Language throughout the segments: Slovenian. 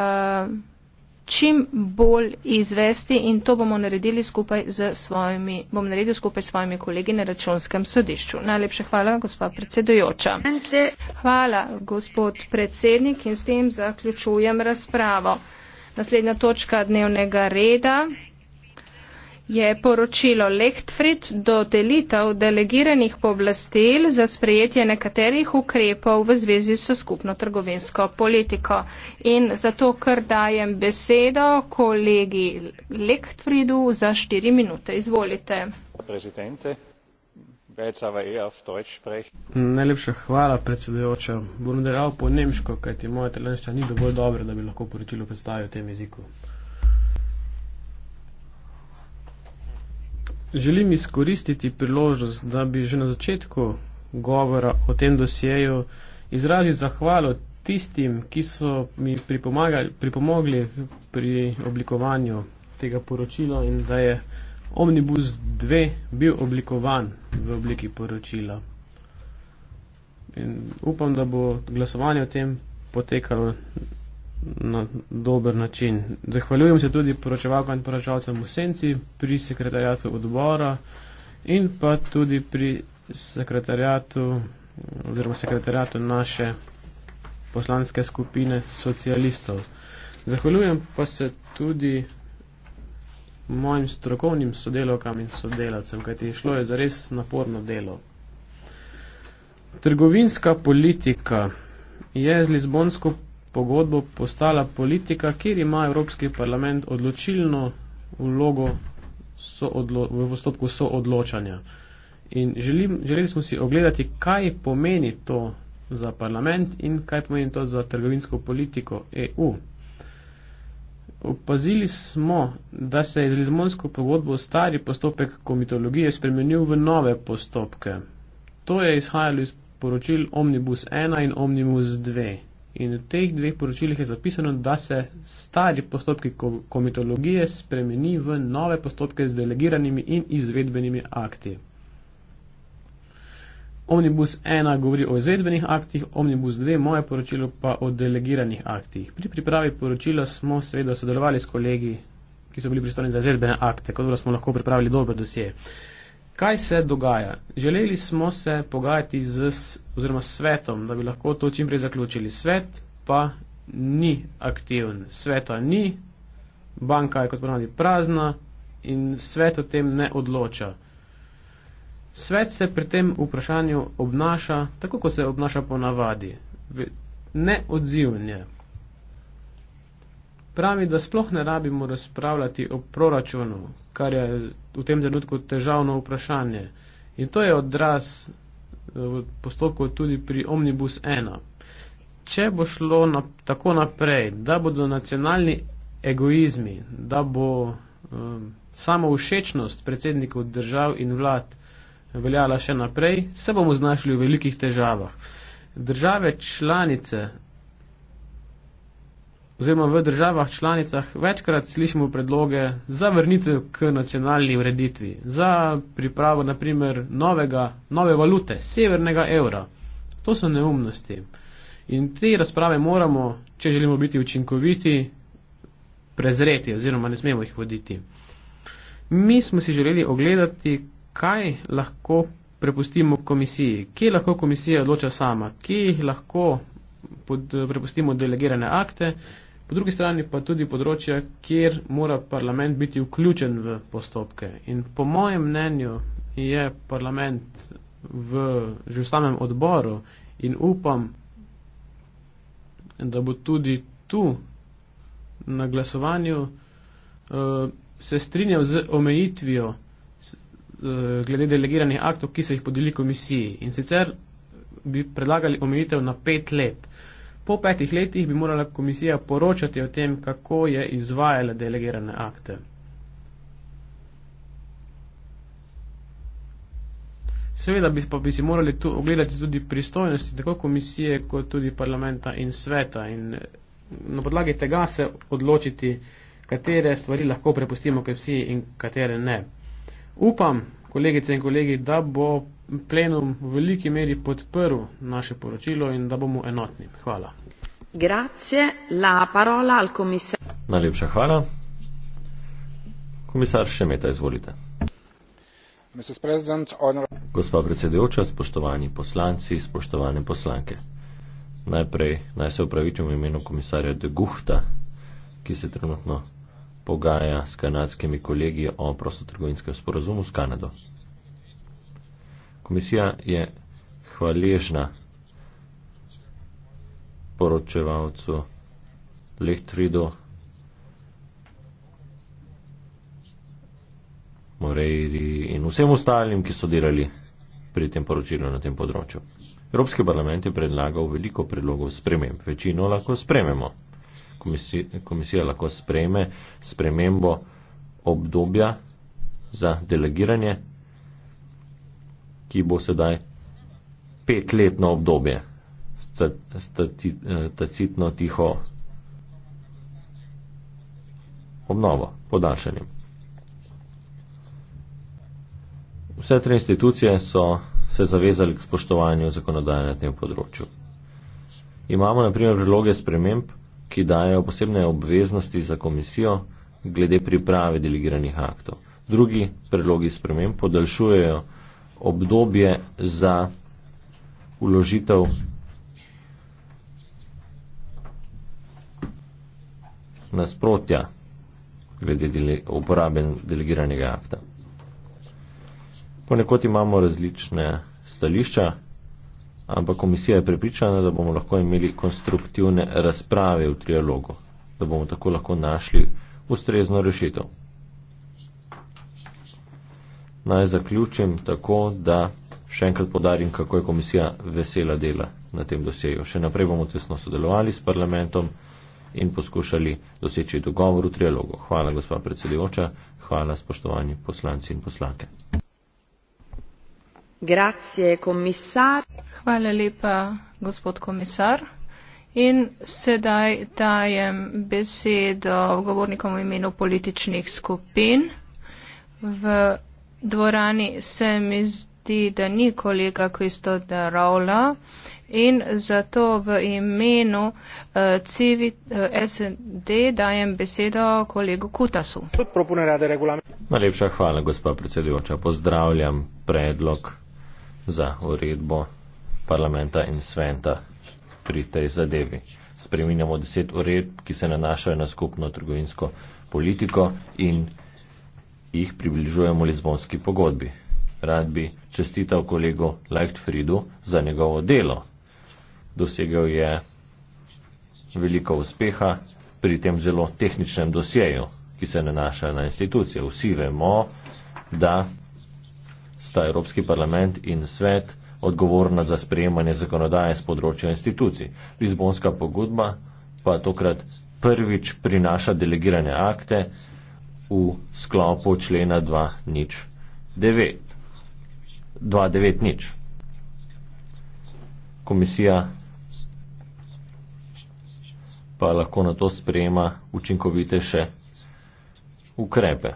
Eh, čim bolj izvesti in to bomo naredili skupaj z svojimi, bom naredil skupaj s svojimi kolegi na računskem sodišču. Najlepša hvala, gospa predsedujoča. Hvala, gospod predsednik in s tem zaključujem razpravo. Naslednja točka dnevnega reda je poročilo Lechtfrid do delitev delegiranih pooblastil za sprejetje nekaterih ukrepov v zvezi s skupno trgovinsko politiko. In zato, ker dajem besedo kolegi Lechtfridu za štiri minute. Izvolite. Najlepša hvala, predsedujoča. Bom nadaljeval po nemško, kajti moja italijanska ni dovolj dobra, da bi lahko poročilo predstavil v tem jeziku. Želim izkoristiti priložnost, da bi že na začetku govora o tem dosjeju izrazil zahvalo tistim, ki so mi pripomogli pri oblikovanju tega poročila in da je Omnibus 2 bil oblikovan v obliki poročila. In upam, da bo glasovanje o tem potekalo na dober način. Zahvaljujem se tudi poročevalkam in poročevalcem v Senci, pri sekretarjatu odbora in pa tudi pri sekretarjatu oziroma sekretarjatu naše poslanske skupine socialistov. Zahvaljujem pa se tudi mojim strokovnim sodelovkam in sodelavcem, kajti šlo je za res naporno delo. Trgovinska politika je z Lizbonsko pogodbo postala politika, kjer ima Evropski parlament odločilno vlogo v postopku soodločanja. In želim, želeli smo si ogledati, kaj pomeni to za parlament in kaj pomeni to za trgovinsko politiko EU. Opazili smo, da se je z Lizbonsko pogodbo stari postopek komitologije spremenil v nove postopke. To je izhajalo iz poročil Omnibus 1 in Omnibus 2. In v teh dveh poročilih je zapisano, da se stari postopki komitologije spremeni v nove postopke z delegiranimi in izvedbenimi akti. Omnibus 1 govori o izvedbenih aktih, Omnibus 2, moje poročilo, pa o delegiranih aktih. Pri pripravi poročila smo seveda sodelovali s kolegi, ki so bili pristojni za izvedbene akte, tako da smo lahko pripravili dober dosje. Uh, kaj se dogaja. Želeli smo se pogajati z oziroma svetom, da bi lahko to čimprej zaključili. Svet pa ni aktiven, sveta ni, banka je kot ponavadi prazna in svet o tem ne odloča. Svet se pri tem vprašanju obnaša tako, kot se obnaša ponavadi. Neodzivnje. Pravi, da sploh ne rabimo razpravljati o proračunu, kar je v tem trenutku težavno vprašanje. In to je odraz eh, postopkov tudi pri Omnibus 1. Če bo šlo na, tako naprej, da bodo nacionalni egoizmi, da bo um, eh, samo všečnost predsednikov držav in vlad veljala še naprej, se bomo znašli v velikih težavah. Države članice oziroma v državah članicah večkrat slišimo predloge za vrnitev k nacionalni ureditvi, za pripravo naprimer novega, nove valute, severnega evra. To so neumnosti. In te razprave moramo, če želimo biti učinkoviti, prezreti oziroma ne smemo jih voditi. Mi smo si želeli ogledati, kaj lahko prepustimo komisiji, kje lahko komisija odloča sama, kje lahko pod, prepustimo delegirane akte Po drugi strani pa tudi področja, kjer mora parlament biti vključen v postopke. In po mojem mnenju je parlament v že v samem odboru in upam, da bo tudi tu na glasovanju uh, se strinjal z omejitvijo uh, glede delegiranih aktov, ki se jih podeli komisiji. In sicer bi predlagali omejitev na pet let. Uh, po petih letih bi morala komisija poročati o tem, kako je izvajala delegirane akte. Seveda bi, pa bi si morali tu ogledati tudi pristojnosti tako komisije, kot tudi parlamenta in sveta in eh, na podlagi tega se odločiti, katere stvari lahko prepustimo kepsiji in katere ne. Upam, kolegice in kolegi, da bo plenum v veliki meri podprl naše poročilo in da bomo enotni. Hvala. Grazie, la parola al komisar. Najlepša hvala. Komisar Šemeta, izvolite. Gospa predsedujoča, spoštovani poslanci, spoštovane poslanke. Najprej naj se upravičim v imenu komisarja de Guhta, ki se trenutno pogaja s kanadskimi kolegi o prostotrgovinskem sporazumu s Kanado. Komisija je hvaležna poročevalcu Lehtrido Moreiri in vsem ostalim, ki so delali pri tem poročilu na tem področju. Evropski parlament je predlagal veliko predlogov sprememb. Večino lahko sprememo. Komisija, komisija lahko spreme spremembo obdobja za delegiranje ki bo sedaj petletno obdobje, eh, tacitno tiho obnovo, podaljšanje. Vse tri institucije so se zavezali k spoštovanju zakonodaje na tem področju. Imamo naprimer priloge sprememb, ki dajo posebne obveznosti za komisijo glede priprave delegiranih aktov. Drugi predlogi sprememb podaljšujejo obdobje za uložitev nasprotja glede dele, uporabe delegiranega akta. Ponekod imamo različne stališča, ampak komisija je prepričana, da bomo lahko imeli konstruktivne razprave v trialogu, da bomo tako lahko našli ustrezno rešitev naj zaključim tako, da še enkrat podarim, kako je komisija vesela dela na tem dosjeju. Še naprej bomo tesno sodelovali s parlamentom in poskušali doseči dogovor v trialogu. Hvala, gospa predsedujoča. Hvala, spoštovani poslanci in poslake. Grazie, komisar. Hvala lepa, gospod komisar. In sedaj dajem besedo govornikom v imenu političnih skupin. V dvorani se mi zdi, da ni kolega Kristoda Raula in zato v imenu uh, eh, CIVIT uh, eh, SND dajem besedo kolegu Kutasu. Najlepša hvala, gospod predsedujoča. Pozdravljam predlog za uredbo parlamenta in sveta pri tej zadevi. Spreminjamo deset uredb, ki se nanašajo na skupno trgovinsko politiko in jih približujemo Lizbonski pogodbi. Rad bi čestital kolegu Leichtfriedu za njegovo delo. Dosegel je veliko uspeha pri tem zelo tehničnem dosjeju, ki se nanaša na institucije. Vsi vemo, da sta Evropski parlament in svet odgovorna za sprejemanje zakonodaje z področja institucij. Lizbonska pogodba pa tokrat prvič prinaša delegirane akte, v sklopu člena 2.9.0. Komisija pa lahko na to sprejema učinkovitejše ukrepe.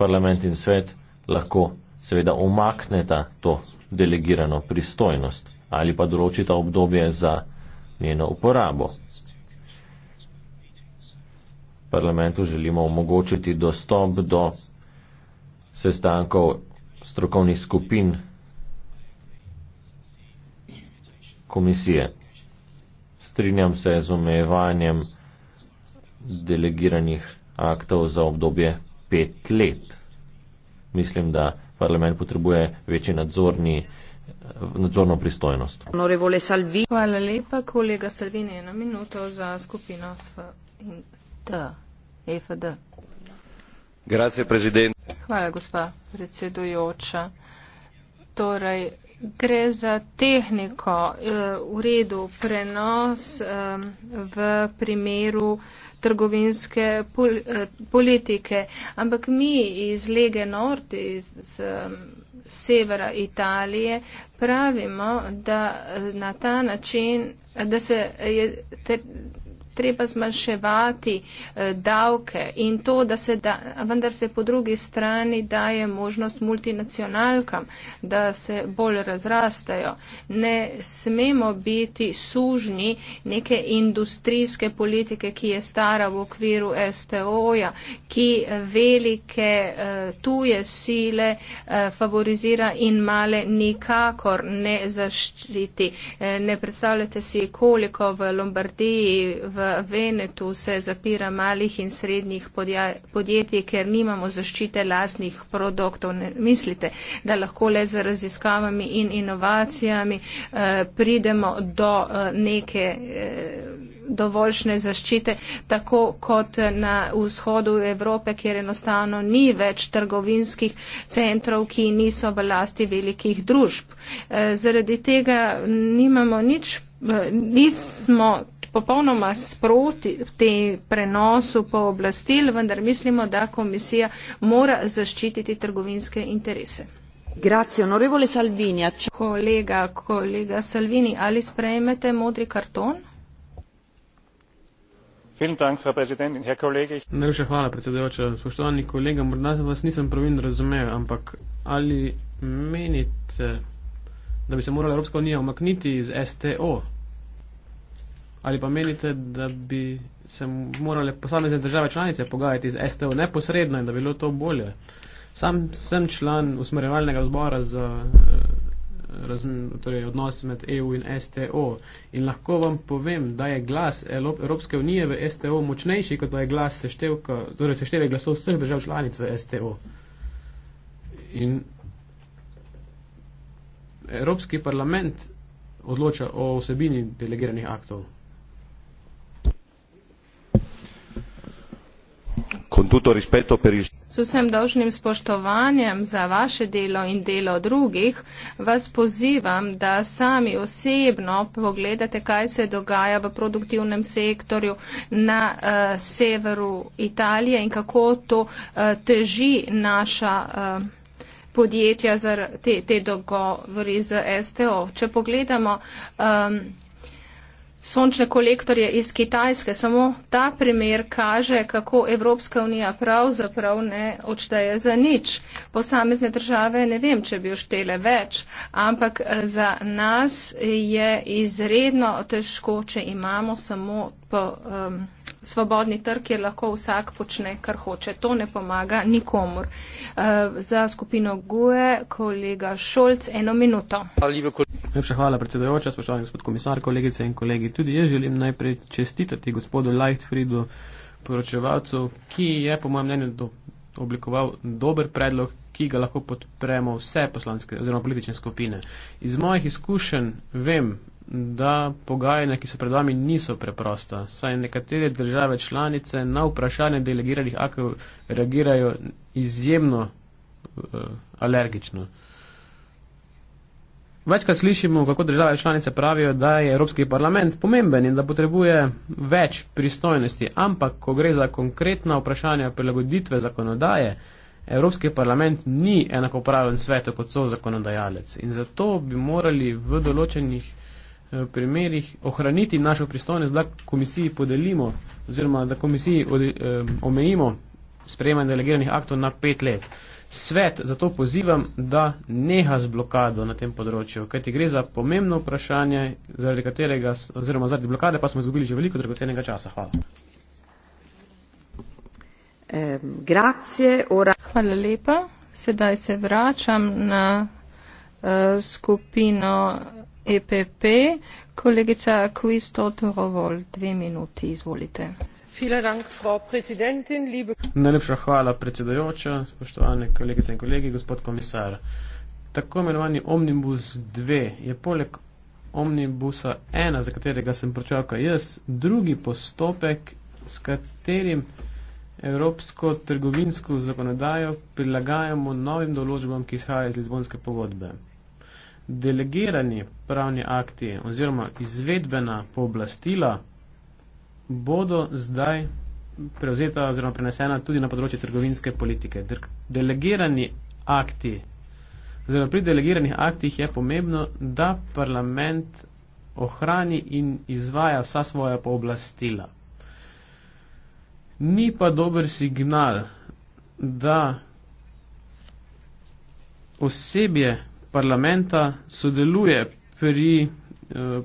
Parlament in svet lahko seveda umakneta to delegirano pristojnost ali pa določita obdobje za njeno uporabo parlamentu želimo omogočiti dostop do sestankov strokovnih skupin komisije. Strinjam se z omejevanjem delegiranih aktov za obdobje pet let. Mislim, da parlament potrebuje večji nadzorni, nadzorno pristojnost. Hvala lepa, kolega Salvini, eno minuto za skupino efd. Hvala, gospa predsedujoča. Torej, gre za tehniko eh, v redu prenos v primeru trgovinske eh, politike, ampak mi iz Lege Nord, iz severa Italije, pravimo, da na ta način, da se je. Ter, treba zmanjševati eh, davke in to, da se da, vendar se po drugi strani daje možnost multinacionalkam, da se bolj razrastajo. Ne smemo biti sužni neke industrijske politike, ki je stara v okviru STO-ja, ki velike eh, tuje sile eh, favorizira in male nikakor ne zaščiti. Ne predstavljate si, koliko v Lombardiji, v Venetu se zapira malih in srednjih podjetij, ker nimamo zaščite lasnih produktov. Ne mislite, da lahko le z raziskavami in inovacijami eh, pridemo do eh, neke eh, dovoljšne zaščite, tako kot na vzhodu Evrope, kjer enostavno ni več trgovinskih centrov, ki niso v lasti velikih družb. Zaradi tega nimamo nič, nismo popolnoma sproti te prenosu pooblastil, vendar mislimo, da komisija mora zaščititi trgovinske interese. Grazie, onorevole Salvini. Kolega, kolega Salvini, ali sprejmete modri karton? Najlepša hvala, predsedujoča. Spoštovani kolega, morda vas nisem pravilno razumel, ampak ali menite, da bi se morala Evropska unija omakniti iz STO, ali pa menite, da bi se morale posamezne države članice pogajati z STO neposredno in da bi bilo to bolje? Sam sem član usmerjevalnega odbora za eh, raz, torej odnos med EU in STO in lahko vam povem, da je glas Evropske unije v STO močnejši, kot pa je glas seštevka, torej sešteve glasov vseh držav članic v STO. In Evropski parlament odloča o vsebini delegiranih aktov. con tutto rispetto per il S vsem dolžnim spoštovanjem za vaše delo in delo drugih, vas pozivam, da sami osebno pogledate, kaj se dogaja v produktivnem sektorju na uh, severu Italije in kako to uh, teži naša. Uh, podjetja za te, te dogovori z STO. Če pogledamo um, sončne kolektorje iz Kitajske. Samo ta primer kaže, kako Evropska unija pravzaprav ne odšteje za nič. Posamezne države ne vem, če bi oštele več, ampak eh, za nas je izredno težko, če imamo samo po, um, svobodni trg, kjer lahko vsak počne, kar hoče. To ne pomaga nikomur. Uh, za skupino GUE, kolega Šolc, eno minuto. Najlepša hvala, predsedojoča, spoštovani gospod komisar, kolegice in kolegi. Tudi jaz želim najprej čestitati gospodu Lightfriedu, poročevalcu, ki je po mojem mnenju do, oblikoval dober predlog, ki ga lahko podpremo vse poslanske oziroma politične skupine. Iz mojih izkušenj vem, da pogajanja, ki so pred vami, niso preprosta. Saj nekatere države članice na vprašanje delegiranih aktov reagirajo izjemno uh, alergično. Večkrat slišimo, kako države članice pravijo, da je Evropski parlament pomemben in da potrebuje več pristojnosti, ampak ko gre za konkretna vprašanja prilagoditve zakonodaje, Evropski parlament ni enakopraven svet, kot so zakonodajalec. In zato bi morali v določenih Eh, primerih ohraniti našo pristojnost, da komisiji podelimo oziroma da komisiji eh, omejimo sprejemanje delegiranih aktov na pet let. Svet zato pozivam, da neha z blokado na tem področju, kajti gre za pomembno vprašanje, zaradi katerega oziroma zaradi blokade pa smo izgubili že veliko dragocenega časa. Hvala. Hvala lepa. Sedaj se vračam na eh, skupino EPP. Kolegica Kuis Totorovo, dve minuti, izvolite. Najlepša hvala, predsedajoča, spoštovane kolegice in kolegi, gospod komisar. Tako imenovani omnibus 2 je poleg omnibusa 1, za katerega sem počakal jaz, drugi postopek, s katerim evropsko trgovinsko zakonodajo prilagajamo novim določbam, ki izhajajo iz Lizbonske pogodbe delegirani pravni akti oziroma izvedbena pooblastila bodo zdaj prevzeta oziroma prenesena tudi na področje trgovinske politike. Delegirani akti. Zdaj, pri delegiranih aktih je pomembno, da parlament ohrani in izvaja vsa svoja pooblastila. Ni pa dober signal, da osebje parlamenta sodeluje pri eh,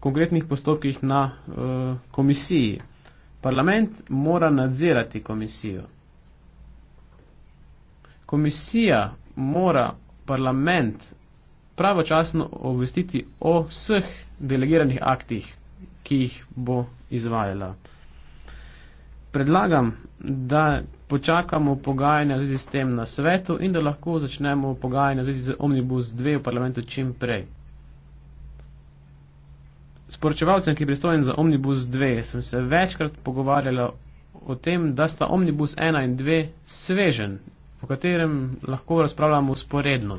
konkretnih postopkih na eh, komisiji. Parlament mora nadzirati komisijo. Komisija mora parlament pravočasno obvestiti o vseh delegiranih aktih, ki jih bo izvajala. Predlagam, da počakamo pogajanja z tem na svetu in da lahko začnemo pogajanja z omnibus 2 v parlamentu čim prej. S poročevalcem, ki je pristojen za omnibus 2, sem se večkrat pogovarjala o tem, da sta omnibus 1 in 2 svežen, o katerem lahko razpravljamo usporedno.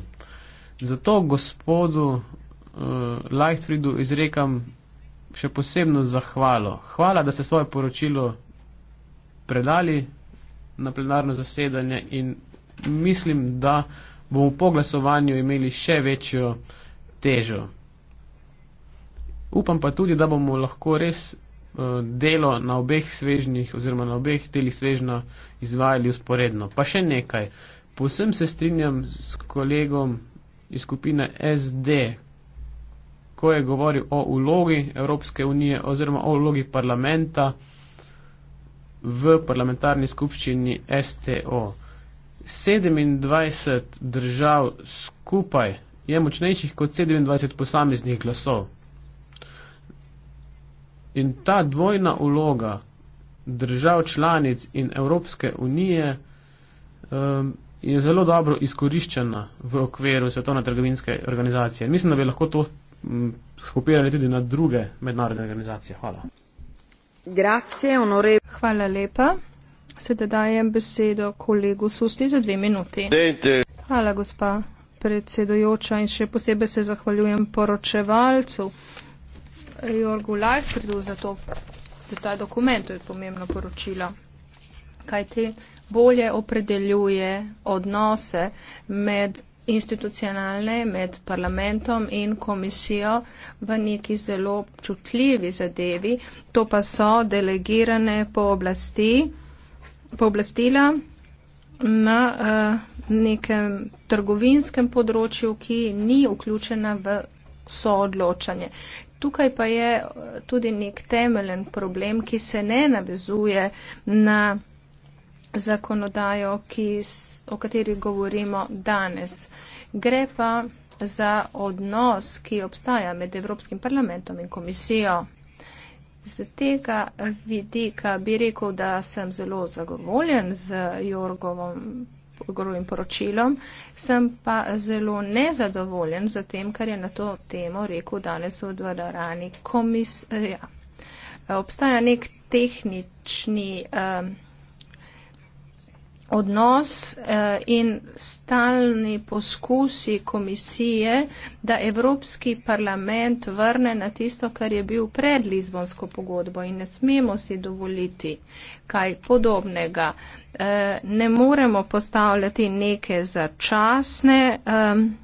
Zato gospodu uh, eh, Lightfridu izrekam še posebno zahvalo. Hvala, da ste svoje poročilo predali na plenarno zasedanje in mislim, da bomo po glasovanju imeli še večjo težo. Upam pa tudi, da bomo lahko res eh, delo na obeh svežnih oziroma na obeh delih svežna izvajali usporedno. Pa še nekaj. Povsem se strinjam s kolegom iz skupine SD, ko je govoril o ulogi Evropske unije oziroma o ulogi parlamenta v parlamentarni skupščini STO. 27 držav skupaj je močnejših kot 27 posameznih glasov. In ta dvojna uloga držav članic in Evropske unije um, je zelo dobro izkoriščena v okviru Svetovne trgovinske organizacije. Mislim, da bi lahko to mm, skopirali tudi na druge mednarodne organizacije. Hvala. Hvala lepa. Sedaj dajem besedo kolegu Susti za dve minuti. Hvala, gospa predsedojoča in še posebej se zahvaljujem poročevalcu Jorgu Lajfridu za to, da ta dokument je pomembno poročilo. Kaj te bolje opredeljuje odnose med institucionalne med parlamentom in komisijo v neki zelo čutljivi zadevi. To pa so delegirane pooblastila po na uh, nekem trgovinskem področju, ki ni vključena v soodločanje. Tukaj pa je eh, tudi nek temeljen problem, ki se ne navezuje na zakonodajo, ki, o kateri govorimo danes. Gre pa za odnos, ki obstaja med Evropskim parlamentom in komisijo. Z tega vidika bi rekel, da sem zelo zagovoljen z Jorgovom grovim poročilom, sem pa zelo nezadovoljen z tem, kar je na to temo rekel danes v dvorani komisija. Obstaja nek tehnični. Um, odnos eh, in stalni poskusi komisije, da Evropski parlament vrne na tisto, kar je bil pred Lizbonsko pogodbo in ne smemo si dovoliti kaj podobnega. Eh, ne moremo postavljati neke začasne eh,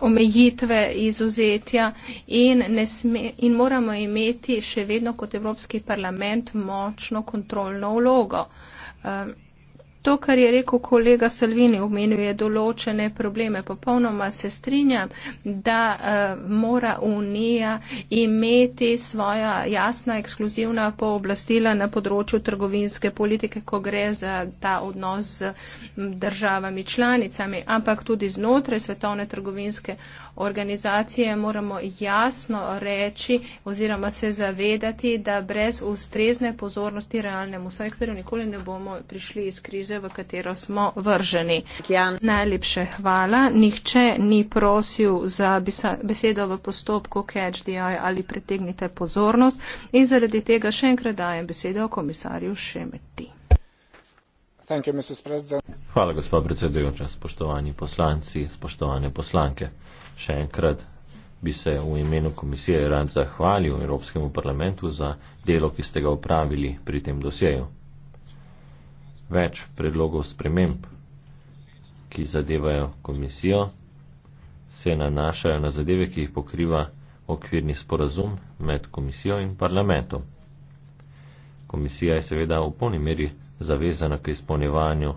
omejitve izuzetja in, sme, in moramo imeti še vedno kot Evropski parlament močno kontrolno vlogo. Uh, Um, To, kar je rekel kolega Salvini, omenjuje določene probleme. Popolnoma se strinjam, da uh, mora Unija imeti svoja jasna, ekskluzivna pooblastila na področju trgovinske politike, ko gre za ta odnos z državami članicami, ampak tudi znotraj svetovne trgovinske organizacije moramo jasno reči oziroma se zavedati, da brez ustrezne pozornosti realnemu sektorju nikoli ne bomo prišli iz krize krize, v katero smo vrženi. Jan. Najlepše hvala. Nihče ni prosil za besedo v postopku Catch the Eye ali pretegnite pozornost in zaradi tega še enkrat dajem besedo komisarju Šemeti. Hvala, gospa predsedujoča, spoštovani poslanci, spoštovane poslanke. Še enkrat bi se v imenu komisije rad zahvalil Evropskemu parlamentu za delo, ki ste ga upravili pri tem dosjeju več predlogov sprememb, ki zadevajo komisijo, se nanašajo na zadeve, ki jih pokriva okvirni sporazum med komisijo in parlamentom. Komisija je seveda v polni meri zavezana k izpolnjevanju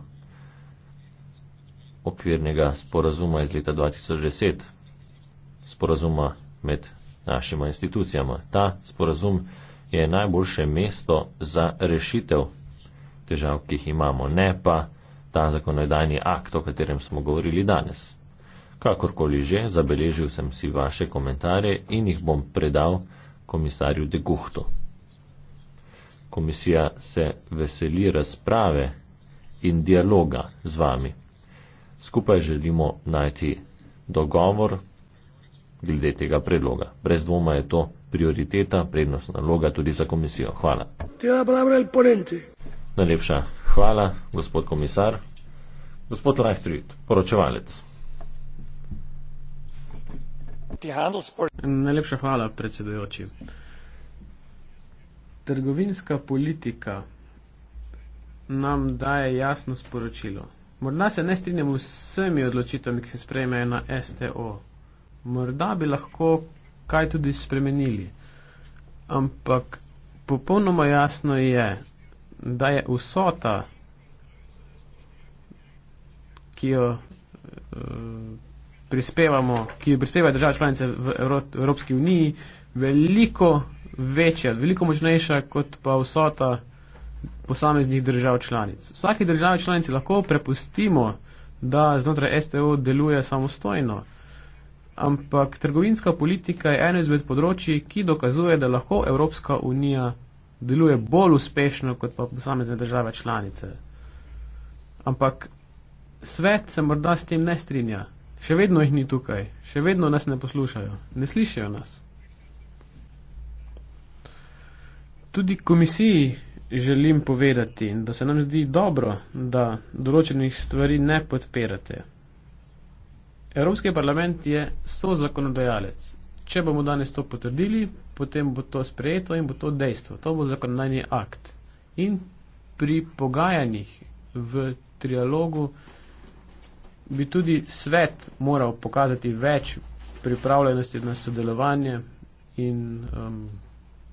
okvirnega sporazuma iz leta 2010, sporazuma med našima institucijama. Ta sporazum je najboljše mesto za rešitev težav, ki jih imamo, ne pa ta zakonodajni akt, o katerem smo govorili danes. Kakorkoli že, zabeležil sem si vaše komentarje in jih bom predal komisarju de Guhtu. Komisija se veseli razprave in dialoga z vami. Skupaj želimo najti dogovor glede tega predloga. Brez dvoma je to prioriteta, prednostna naloga tudi za komisijo. Hvala. Te abra el ponente. Najlepša hvala, gospod komisar. Gospod Lahtrit, poročevalec. Najlepša hvala, predsedujoči. Trgovinska politika nam daje jasno sporočilo. Morda se ne strinjamo s vsemi odločitvami, ki se sprejmejo na STO. Morda bi lahko kaj tudi spremenili. Ampak popolnoma jasno je, da je vsota, ki jo eh, prispevamo, ki jo prispevajo države članice v Evropski uniji, veliko večja, veliko močnejša kot pa vsota posameznih držav članic. Vsaki državi članici lahko prepustimo, da znotraj STO deluje samostojno, ampak trgovinska politika je eno izmed področji, ki dokazuje, da lahko Evropska unija deluje bolj uspešno kot pa posamezne države članice. Ampak svet se morda s tem ne strinja. Še vedno jih ni tukaj, še vedno nas ne poslušajo, ne slišijo nas. Tudi komisiji želim povedati, da se nam zdi dobro, da določenih stvari ne podpirate. Evropski parlament je so zakonodajalec Če bomo danes to potrdili, potem bo to sprejeto in bo to dejstvo. To bo zakonodajni akt. In pri pogajanjih v trialogu bi tudi svet moral pokazati več pripravljenosti na sodelovanje in um,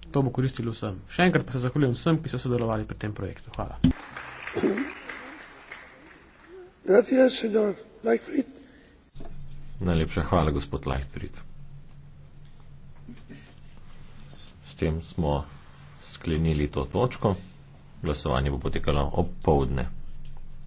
to bo koristilo vsem. Še enkrat pa se zahvaljujem vsem, ki so sodelovali pri tem projektu. Hvala. Najlepša hvala, gospod Lajfrit. S tem smo sklenili to točko. Glasovanje bo potekalo ob povdne.